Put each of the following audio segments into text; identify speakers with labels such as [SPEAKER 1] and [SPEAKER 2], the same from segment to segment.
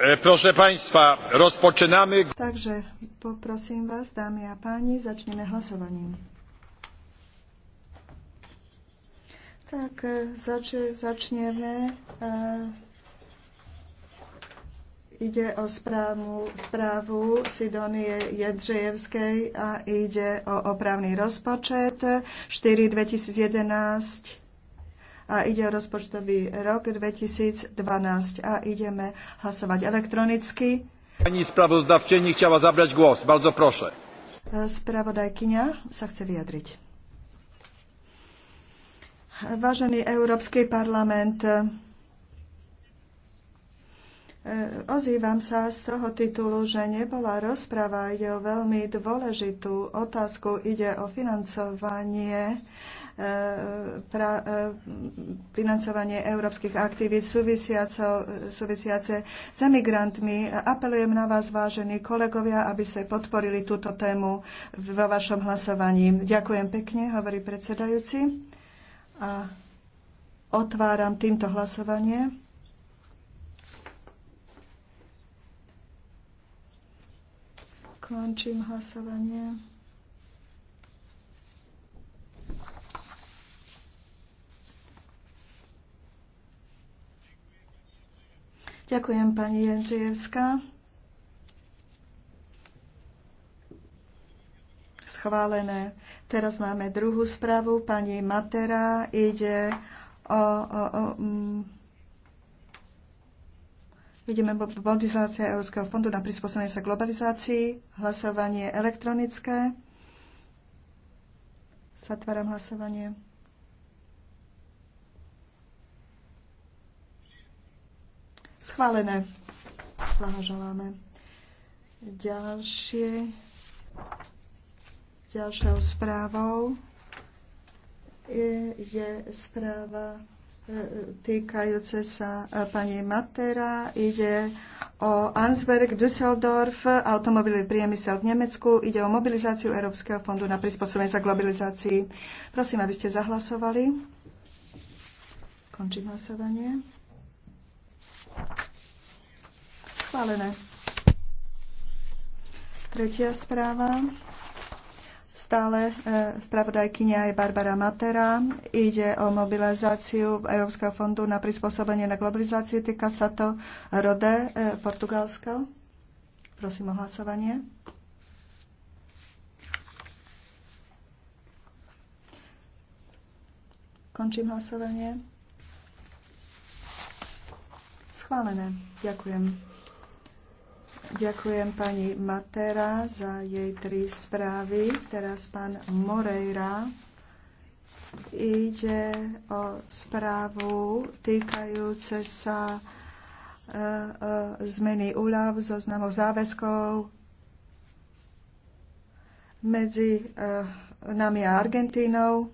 [SPEAKER 1] E, proszę Państwa, rozpoczynamy. Także poprosím vás, dámy a páni, začneme hlasovaním. Tak e, začneme. E, ide o správu, správu Sidonie Jedřejevskej a ide o opravný rozpočet 4 2011 a ide o rozpočtový rok 2012 a ideme hlasovať elektronicky.
[SPEAKER 2] Pani sprawozdawczyni chciała zabrať głos. Bardzo proszę.
[SPEAKER 1] E, Spravodajkynia sa chce vyjadriť. Vážený Európsky parlament, Ozývam sa z toho titulu, že nebola rozpráva, ide o veľmi dôležitú otázku, ide o financovanie e, pra, e, financovanie európskych aktivít súvisiace s emigrantmi. Apelujem na vás, vážení kolegovia, aby ste podporili túto tému vo vašom hlasovaní. Ďakujem pekne, hovorí predsedajúci. A otváram týmto hlasovanie. Končím hlasovanie. Ďakujem pani Jendrijevská. Schválené. Teraz máme druhú správu. Pani Matera ide o, o, o mm, Ideme mobilizácia Európskeho fondu na prispôsobenie sa globalizácii. Hlasovanie elektronické. Zatváram hlasovanie. Schválené. Blahoželáme. Ďalšie, ďalšou správou je, je správa týkajúce sa e, pani Matera. Ide o Ansberg, Düsseldorf, automobilový priemysel v Nemecku. Ide o mobilizáciu Európskeho fondu na prispôsobenie sa globalizácii. Prosím, aby ste zahlasovali. Končím hlasovanie. Schválené. Tretia správa. Stále e, spravodajkynia je Barbara Matera. Ide o mobilizáciu Európskeho fondu na prispôsobenie na globalizáciu. Týka sa to Rode, e, portugalsko. Prosím o hlasovanie. Končím hlasovanie. Schválené. Ďakujem. Ďakujem pani Matera za jej tri správy. Teraz pán Moreira ide o správu týkajúce sa e, e, zmeny úľav znamo záväzkov medzi e, nami a Argentínou.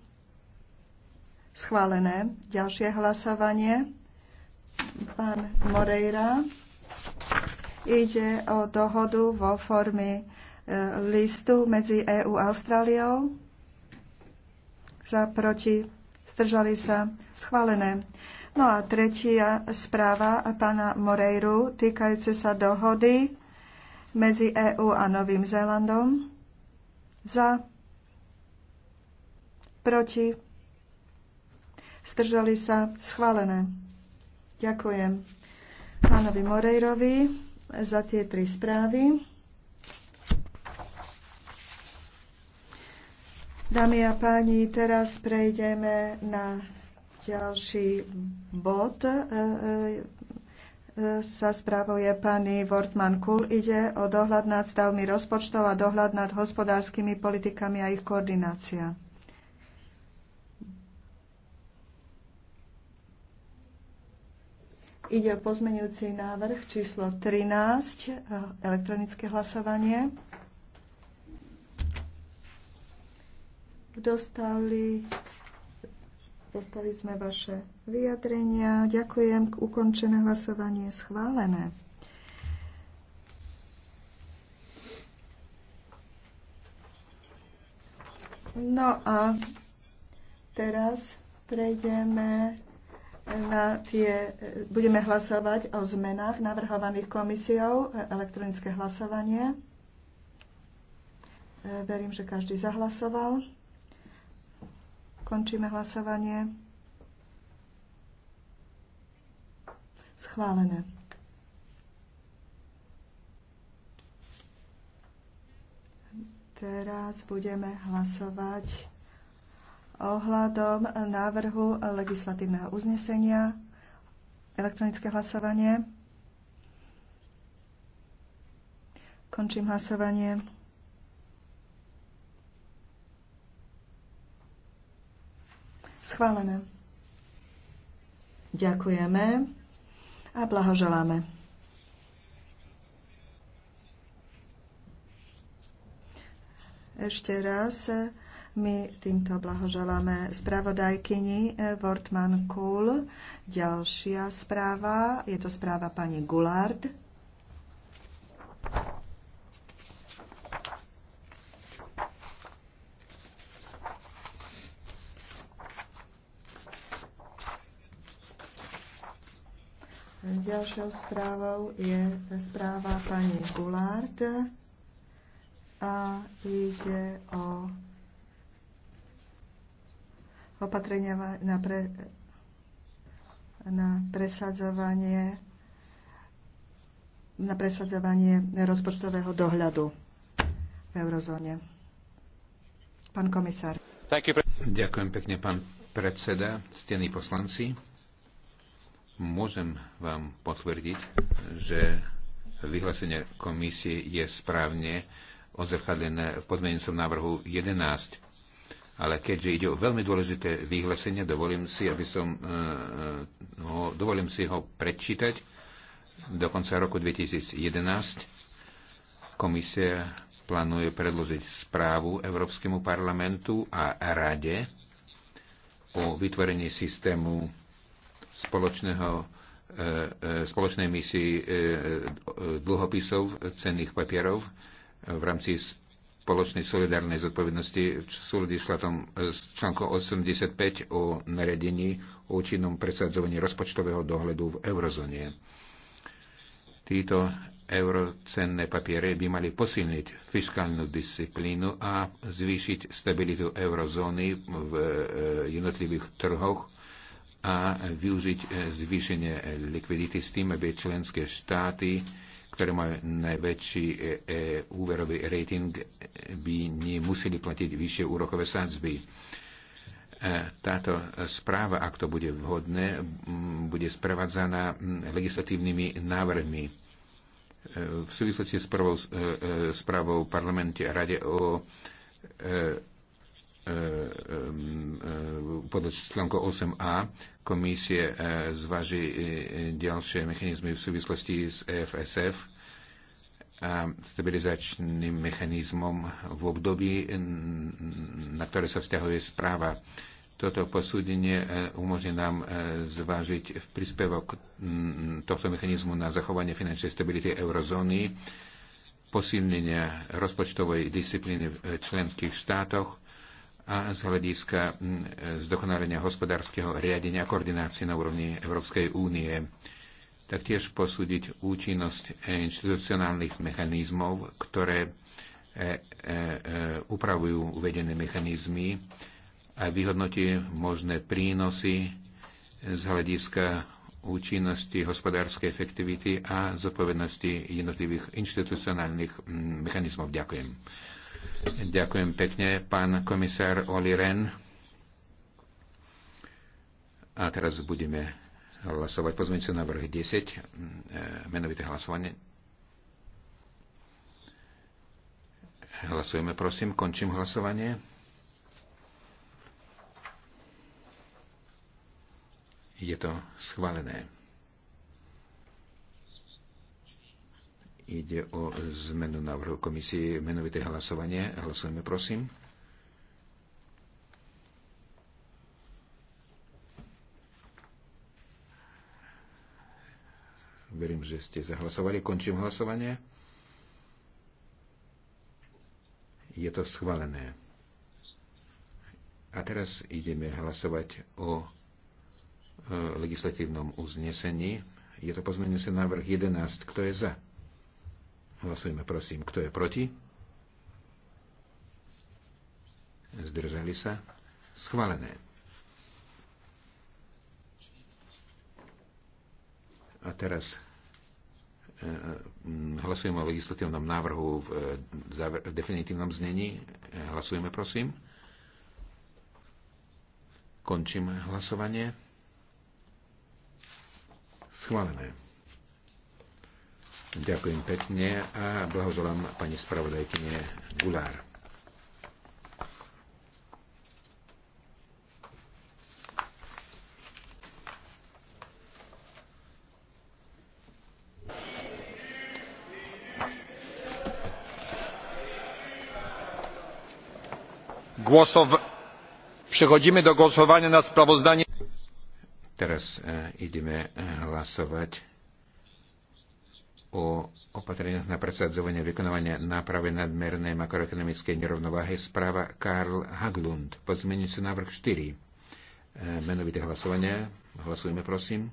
[SPEAKER 1] Schválené. Ďalšie hlasovanie. Pán Moreira. Ide o dohodu vo forme listu medzi EÚ a Austráliou. Za proti stržali sa schválené. No a tretia správa pána Moreiru týkajúce sa dohody medzi EÚ a Novým Zélandom. Za proti stržali sa schválené. Ďakujem pánovi Moreirovi za tie tri správy. Dámy a páni, teraz prejdeme na ďalší bod. E, e, e, sa správou je pani Wortmann Kul. Ide o dohľad nad stavmi rozpočtov a dohľad nad hospodárskymi politikami a ich koordinácia. Ide o pozmenujúci návrh číslo 13, e, elektronické hlasovanie. Dostali, dostali sme vaše vyjadrenia. Ďakujem. Ukončené hlasovanie schválené. No a teraz prejdeme na tie, budeme hlasovať o zmenách navrhovaných komisiou, elektronické hlasovanie. E, verím, že každý zahlasoval. Končíme hlasovanie. Schválené. Teraz budeme hlasovať ohľadom návrhu legislatívneho uznesenia. Elektronické hlasovanie. Končím hlasovanie. Schválené. Ďakujeme a blahoželáme. Ešte raz my týmto blahoželáme správodajkyni eh, Wortman Kuhl. Ďalšia správa, je to správa pani Gulard. Ďalšou správou je správa pani Gulard a ide o opatrenia na, pre, na presadzovanie na presadzovanie rozpočtového dohľadu v eurozóne. Pán komisár.
[SPEAKER 2] Ďakujem pekne, pán predseda, stení poslanci. Môžem vám potvrdiť, že vyhlásenie komisie je správne odzrkadlené v pozmenencom návrhu 11 ale keďže ide o veľmi dôležité vyhlásenie, dovolím si, aby som, ho, e, e, no, dovolím si ho prečítať. Do konca roku 2011 komisia plánuje predložiť správu Európskemu parlamentu a Rade o vytvorení systému spoločného, e, spoločnej misii dlhopisov, cenných papierov v rámci spoločnej solidárnej zodpovednosti v súlade s článkom 85 o naredení o účinnom presadzovaní rozpočtového dohľadu v eurozóne. Títo eurocenné papiere by mali posilniť fiskálnu disciplínu a zvýšiť stabilitu eurozóny v e, jednotlivých trhoch a využiť e, zvýšenie likvidity s tým, aby členské štáty ktoré majú najväčší e, e, úverový rating, by nemuseli platiť vyššie úrokové sadzby. E, Táto správa, ak to bude vhodné, bude sprevádzaná legislatívnymi návrhmi. E, V súvislosti s prvou e, e správou parlamente a rade o e, e, e podľa článku 8a komisie zvaží ďalšie mechanizmy v súvislosti s EFSF a stabilizačným mechanizmom v období, na ktoré sa vzťahuje správa. Toto posúdenie e, umožní nám e, zvážiť v príspevok tohto mechanizmu na zachovanie finančnej stability eurozóny, posilnenia rozpočtovej disciplíny v e, členských štátoch a z hľadiska zdokonalenia hospodárskeho riadenia a koordinácie na úrovni Európskej únie taktiež posúdiť účinnosť inštitucionálnych mechanizmov, ktoré e, e, e, upravujú uvedené mechanizmy a vyhodnotí možné prínosy z hľadiska účinnosti hospodárskej efektivity a zodpovednosti jednotlivých inštitucionálnych mechanizmov. Ďakujem. Ďakujem pekne, pán komisár Oli Ren. A teraz budeme hlasovať pozmeňujúce návrhy 10, e, menovité hlasovanie. Hlasujeme, prosím, končím hlasovanie. Je to schválené. Ide o zmenu návrhu komisie, menovité hlasovanie. Hlasujeme, prosím. Verím, že ste zahlasovali. Končím hlasovanie. Je to schválené. A teraz ideme hlasovať o e, legislatívnom uznesení. Je to pozmenený návrh 11. Kto je za? Hlasujeme, prosím. Kto je proti? Zdržali sa? Schválené. A teraz E, e, hlasujeme o legislatívnom návrhu v, e, v definitívnom znení. Hlasujeme, prosím. Končím hlasovanie. Schválené. Ďakujem pekne a blahoželám pani spravodajkyne Gulár. Przechodzimy do głosowania nad sprawozdaniem. Teraz e, ideme hlasovať o opatreniach na presadzovanie vykonovania nápravy nadmernej makroekonomickej nerovnováhy správa Karl Haglund. Pozmeňujúci návrh 4. E, menovité hlasovanie. Hlasujeme, prosím.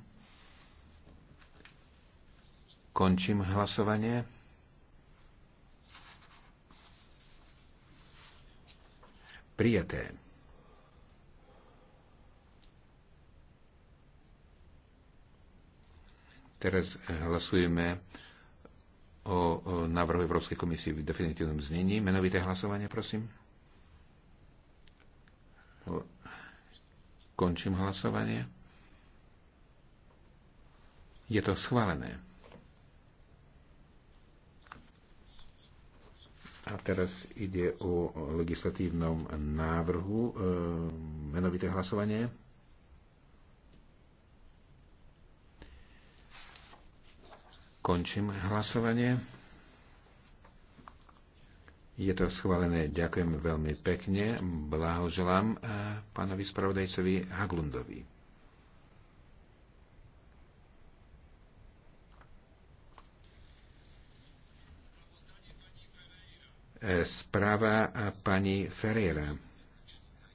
[SPEAKER 2] Končím hlasovanie. Prijaté. Teraz hlasujeme o, návrhu Európskej komisie v definitívnom znení. Menovité hlasovanie, prosím. Končím hlasovanie. Je to schválené. A teraz ide o legislatívnom návrhu, e, menovité hlasovanie. Končím hlasovanie. Je to schválené. Ďakujem veľmi pekne. Blahoželám e, pánovi spravodajcovi Haglundovi. Správa pani Ferreira.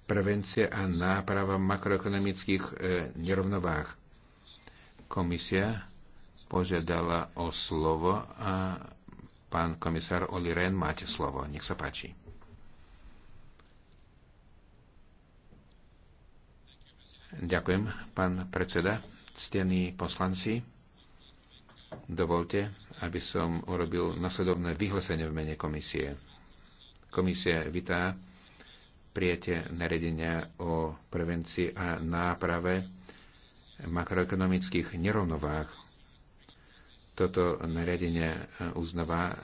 [SPEAKER 2] Prevencia a náprava makroekonomických e, nerovnováh. Komisia požiadala o slovo a pán komisár Oli Ren, máte slovo. Nech sa páči. Ďakujem, pán predseda, ctení poslanci. Dovolte, aby som urobil nasledovné vyhlásenie v mene komisie Komisia vítá prijatie naredenia o prevencii a náprave makroekonomických nerovnovách. Toto nariadenie eh, uznáva eh,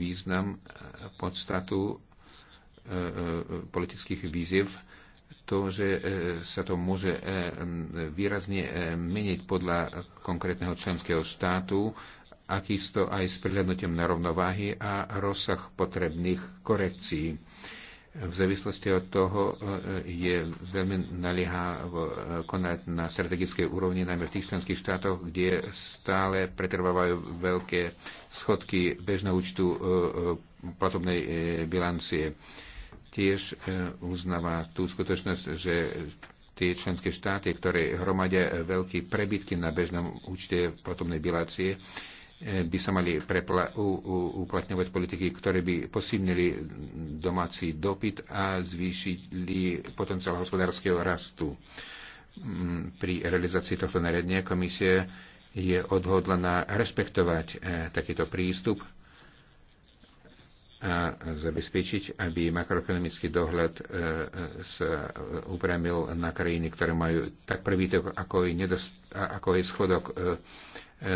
[SPEAKER 2] význam eh, podstatu politických výziev, to, že sa to môže výrazne meniť podľa konkrétneho členského štátu, akisto aj s prihľadnutím na rovnováhy a rozsah potrebných korekcií. V závislosti od toho e, je veľmi naliehavo e, konať na strategickej úrovni, najmä v tých členských štátoch, kde stále pretrvávajú veľké schodky bežného účtu e, platobnej bilancie. Tiež uznáva tú skutočnosť, že tie členské štáty, ktoré hromadia veľké prebytky na bežnom účte platobnej bilancie, by sa mali prepla- u- u- uplatňovať politiky, ktoré by posilnili domáci dopyt a zvýšili potenciál hospodárskeho rastu. Mm, pri realizácii tohto nariadenia komisie je odhodlaná rešpektovať eh, takýto prístup a zabezpečiť, aby makroekonomický dohľad e, e, sa upremil na krajiny, ktoré majú tak prebytok, ako je, nedost, ako je schodok e,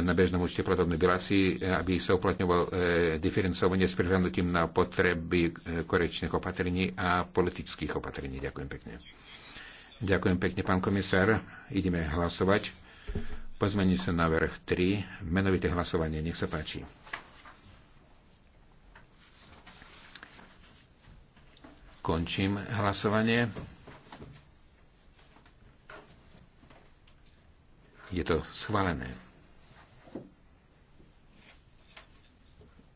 [SPEAKER 2] na bežnom účte platobnej bilácii, aby sa uplatňoval diferencovanie s prihľadnutím na potreby korečných opatrení a politických opatrení. Ďakujem pekne. Ďakujem pekne, pán komisár. Ideme hlasovať. Pozmení sa na vrch 3. Menovité hlasovanie. Nech sa páči. Končím hlasovanie. Je to schválené.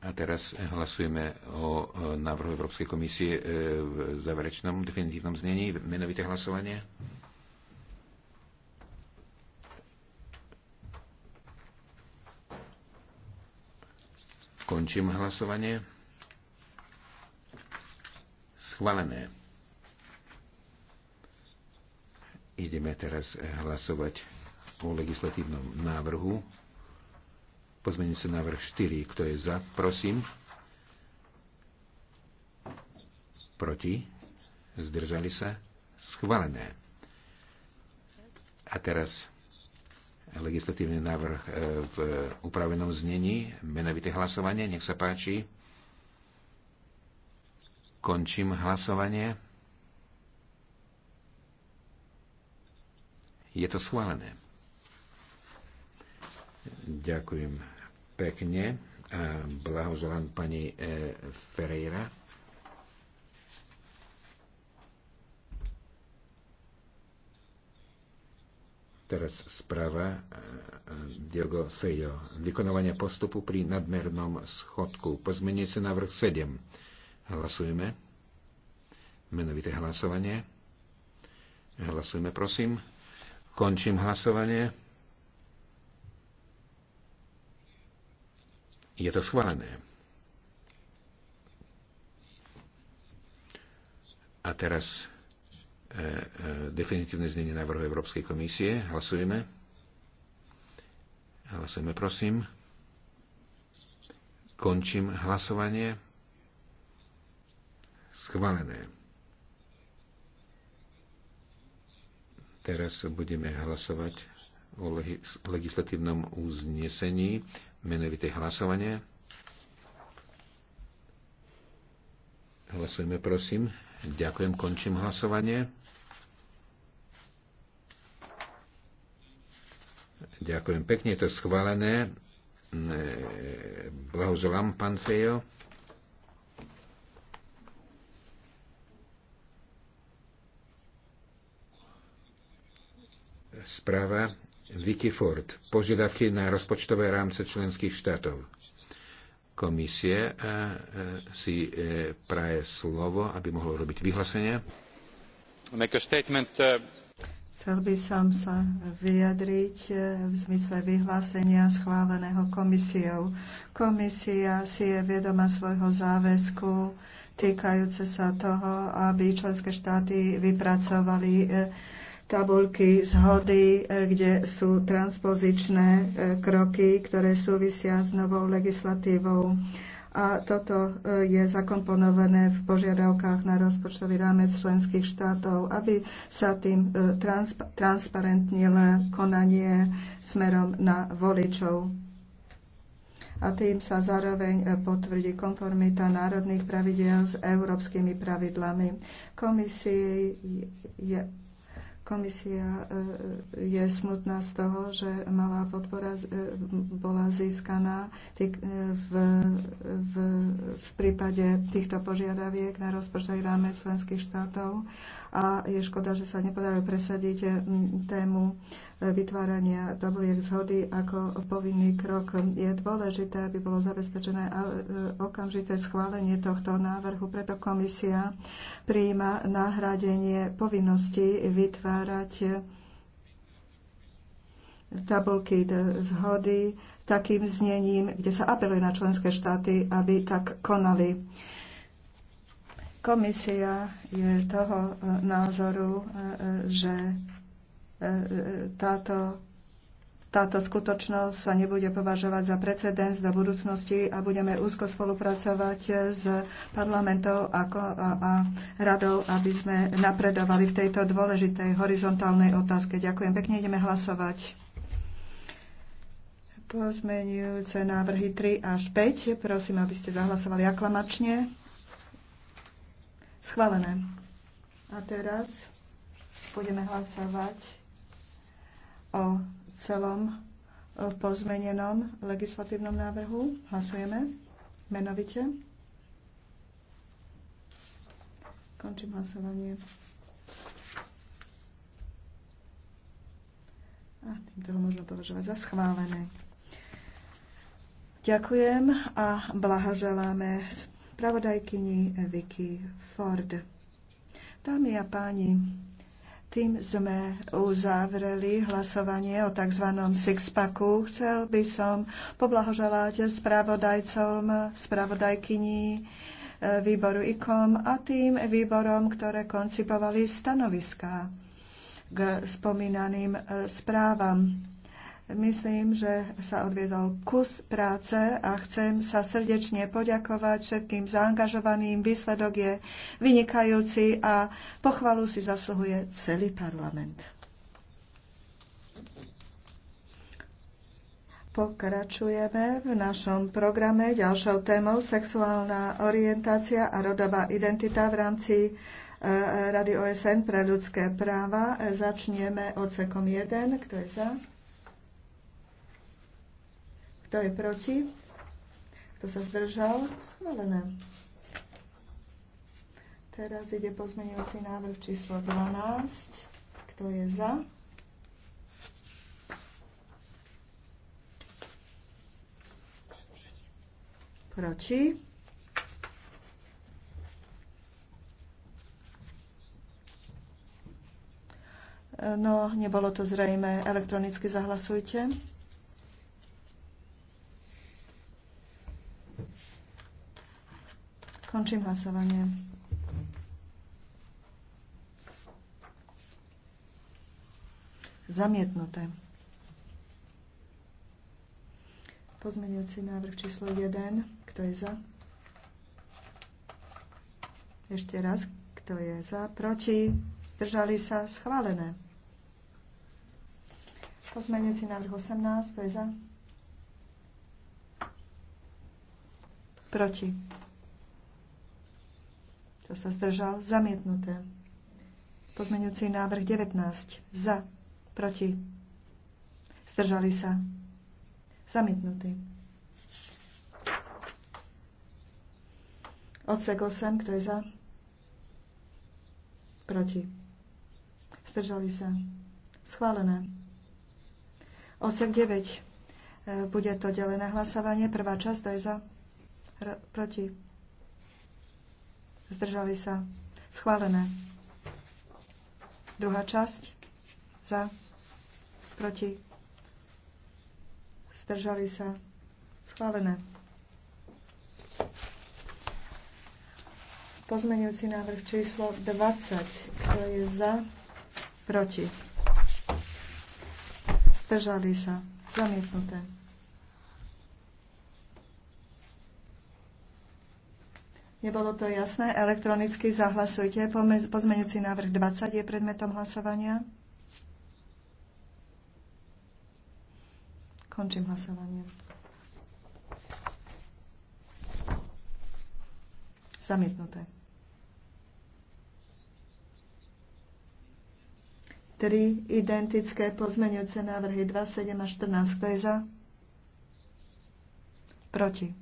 [SPEAKER 2] A teraz hlasujeme o návrhu Európskej komisie e, v záverečnom definitívnom znení, menovité hlasovanie. Končím hlasovanie. Schválené. Ideme teraz hlasovať o legislatívnom návrhu. Pozmení sa návrh 4. Kto je za? Prosím. Proti? Zdržali sa? Schválené. A teraz legislatívny návrh e, v e, upravenom znení, menovité hlasovanie, nech sa páči. Končím hlasovanie. Je to schválené. Ďakujem pekne a blahoželám pani e, Ferreira. Teraz správa e, Diego Fejo. Vykonovanie postupu pri nadmernom schodku. Pozmenie Pozmeniece návrh 7. Hlasujeme. Menovité hlasovanie. Hlasujeme, prosím. Končím hlasovanie. Je to schválené. A teraz e, e, definitívne znenie návrhu Európskej komisie. Hlasujeme. Hlasujeme, prosím. Končím hlasovanie. Schválené. Teraz budeme hlasovať o legislatívnom uznesení, menovité hlasovanie. Hlasujeme, prosím. Ďakujem, končím hlasovanie. Ďakujem pekne, je to schválené. Blahoželám, pán Fejo. Správa Vicky Ford. Požiadavky na rozpočtové rámce členských štátov. Komisie e, e, si e, praje slovo, aby mohlo robiť vyhlásenie.
[SPEAKER 1] Chcel by som sa vyjadriť v zmysle vyhlásenia schváleného komisiou. Komisia si je vedoma svojho záväzku týkajúce sa toho, aby členské štáty vypracovali tabulky zhody, e, kde sú transpozičné e, kroky, ktoré súvisia s novou legislatívou. A toto e, je zakomponované v požiadavkách na rozpočtový rámec členských štátov, aby sa tým transp- transparentnilo konanie smerom na voličov a tým sa zároveň potvrdí konformita národných pravidel s európskymi pravidlami. Komisii je Komisia eh, je smutná z toho, že malá podpora eh, bola získaná eh, v, v, v prípade týchto požiadaviek na rozpočtový rámec členských štátov a je škoda, že sa nepodarilo presadiť mm, tému e, vytvárania tabuliek zhody ako povinný krok. Je dôležité, aby bolo zabezpečené e, okamžité schválenie tohto návrhu, preto komisia prijíma nahradenie povinnosti vytvárať e, tabulky zhody takým znením, kde sa apeluje na členské štáty, aby tak konali. Komisia je toho e, názoru, e, e, že táto, táto skutočnosť sa nebude považovať za precedens do budúcnosti a budeme úzko spolupracovať s parlamentou a, a, a radou, aby sme napredovali v tejto dôležitej horizontálnej otázke. Ďakujem pekne, ideme hlasovať. Pozmenujúce návrhy 3 až 5. Prosím, aby ste zahlasovali aklamačne. Schválené. A teraz budeme hlasovať o celom pozmenenom legislatívnom návrhu. Hlasujeme menovite. Končím hlasovanie. A týmto ho možno považovať za schválené. Ďakujem a blahoželáme spravodajkyni Vicky Ford. Dámy a páni, tým sme uzavreli hlasovanie o tzv. sixpacku. Chcel by som poblahoželať spravodajcom, spravodajkyni e, výboru IKOM a tým výborom, ktoré koncipovali stanoviská k spomínaným e, správam. Myslím, že sa odviedol kus práce a chcem sa srdečne poďakovať všetkým zaangažovaným. Výsledok je vynikajúci a pochvalu si zasluhuje celý parlament. Pokračujeme v našom programe ďalšou témou sexuálna orientácia a rodová identita v rámci e, Rady OSN pre ľudské práva. Začneme odsekom 1. Kto je za? Kto je proti? Kto sa zdržal? Schválené. Teraz ide pozmeňujúci návrh číslo 12. Kto je za? Proti? No, nebolo to zrejme. Elektronicky zahlasujte. Končím hlasovanie. Zamietnuté. Pozmeňujúci návrh číslo 1. Kto je za? Ešte raz. Kto je za? Proti? Zdržali sa? Schválené. Pozmeňujúci návrh 18. Kto je za? Proti. Kto sa zdržal? Zamietnuté. Pozmeňujúci návrh 19. Za. Proti. Zdržali sa. Zamietnutý. Odsek 8. Kto je za? Proti. Zdržali sa. Schválené. Odsek 9. E, bude to delené hlasovanie. Prvá časť. Kto je za? proti Zdržali sa. Schválené. Druhá časť. Za. Proti. Zdržali sa. Schválené. Pozmenujúci návrh číslo 20. Kto je za? Proti. Zdržali sa. Zamietnuté. Nebolo to jasné. Elektronicky zahlasujte. Pozmeňujúci návrh 20 je predmetom hlasovania. Končím hlasovanie. Zamietnuté. 3 identické pozmeňujúce návrhy 2, 7 a 14. Kto je za? Proti.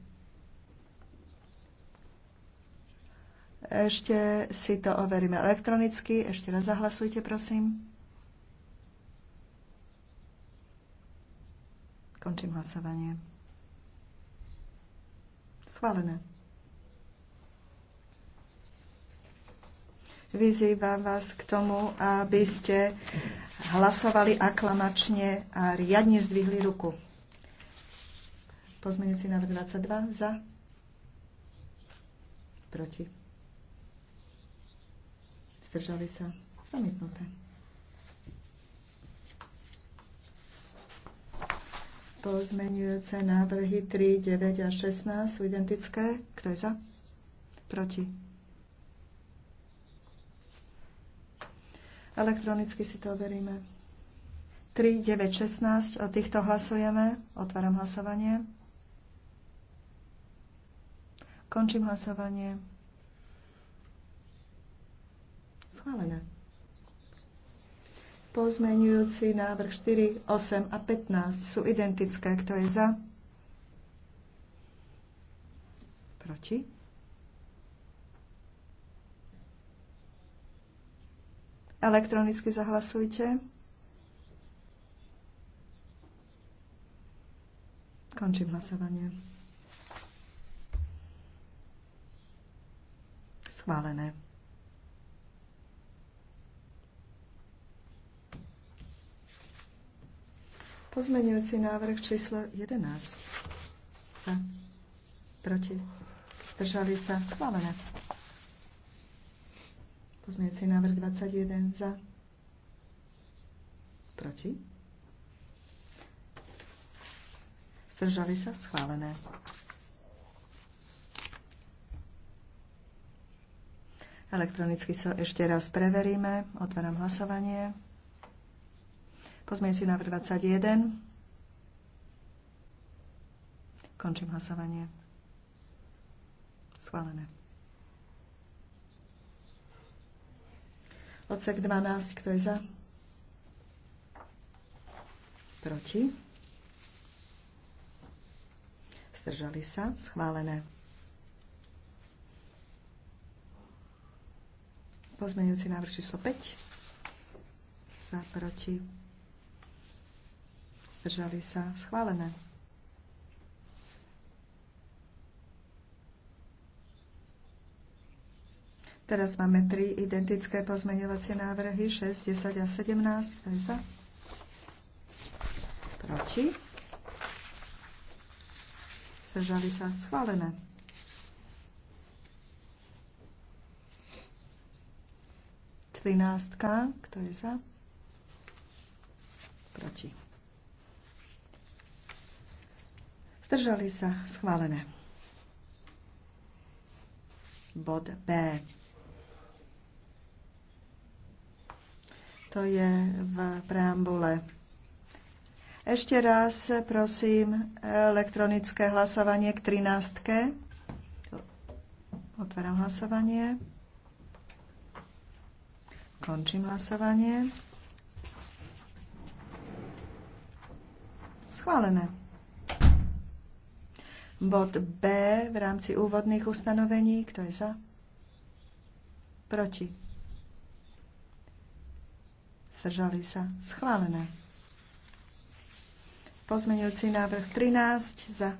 [SPEAKER 1] Ešte si to overíme elektronicky. Ešte raz zahlasujte, prosím. Končím hlasovanie. Schválené. Vyzývam vás k tomu, aby ste hlasovali aklamačne a riadne zdvihli ruku. Pozmeňujúci návrh 22 za. Proti. Zdržali sa? Zamietnuté. Pozmenujúce návrhy 3, 9 a 16 sú identické. Kto je za? Proti. Elektronicky si to overíme. 3, 9, 16. O týchto hlasujeme. Otváram hlasovanie. Končím hlasovanie. schválené. Pozmenujúci návrh 4, 8 a 15 sú identické. Kto je za? Proti? Elektronicky zahlasujte. Končím hlasovanie. Schválené. Pozmeňujúci návrh číslo 11. Za. Proti. Zdržali sa. Schválené. Pozmeňujúci návrh 21. Za. Proti. Zdržali sa. Schválené. Elektronicky sa so ešte raz preveríme. Otváram hlasovanie si návrh 21. Končím hlasovanie. Schválené. Odsek 12. Kto je za? Proti? Zdržali sa? Schválené. Pozmeňujúci návrh číslo 5. Za proti Zdržali sa? Schválené. Teraz máme tri identické pozmeňovacie návrhy 6, 10 a 17. Kto je za? Proti? Zdržali sa? Schválené. Trináctka. Kto je za? Proti. Zdržali sa schválené. Bod B. To je v preambule. Ešte raz prosím elektronické hlasovanie k 13. Otváram hlasovanie. Končím hlasovanie. Schválené. Bod B v rámci úvodných ustanovení. Kto je za? Proti. Zdržali sa. Schválené. Pozmeňujúci návrh 13 za.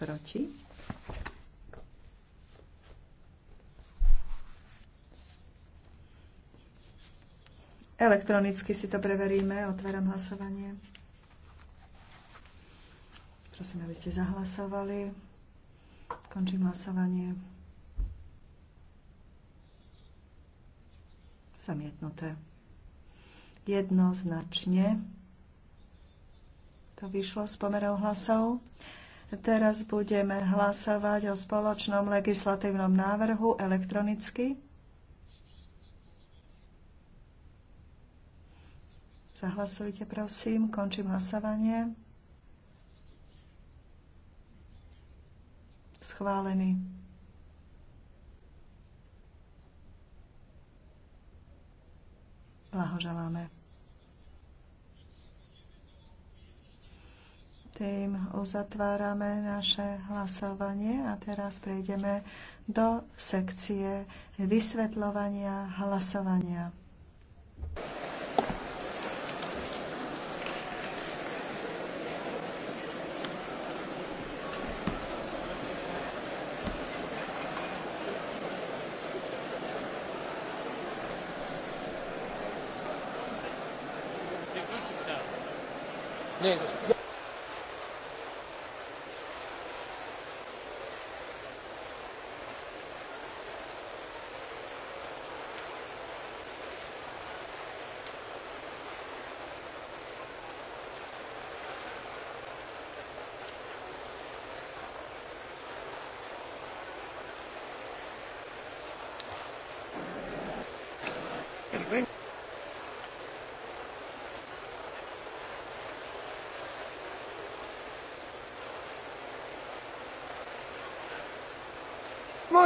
[SPEAKER 1] Proti. Elektronicky si to preveríme. Otváram hlasovanie. Prosím, aby ste zahlasovali. Končím hlasovanie. Zamietnuté. Jednoznačne to vyšlo s pomerou hlasov. Teraz budeme hlasovať o spoločnom legislatívnom návrhu elektronicky. Zahlasujte, prosím. Končím hlasovanie. schválený. Blahoželáme. Tým uzatvárame naše hlasovanie a teraz prejdeme do sekcie vysvetľovania hlasovania.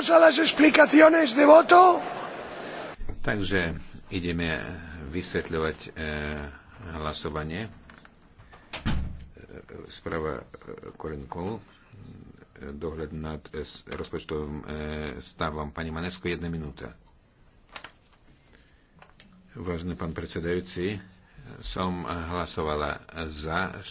[SPEAKER 2] Pasamos a las explicaciones de voto. Takže ideme vysvetľovať e, hlasovanie. E, správa Korenkov, e, e, dohľad nad rozpočtovým stavom. Pani Manesko, jedna minúta. Vážený pán predsedajúci, som hlasovala za